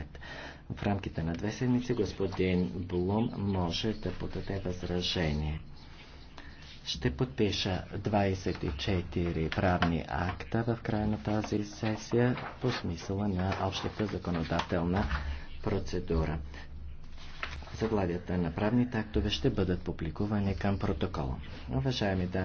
знаят. В рамките на две седмици господин Блум може да подаде възражение. Ще подпиша 24 правни акта в края на тази сесия по смисъла на общата законодателна процедура. Заглавията на правните актове ще бъдат публикувани към протокола. Уважаеми дами,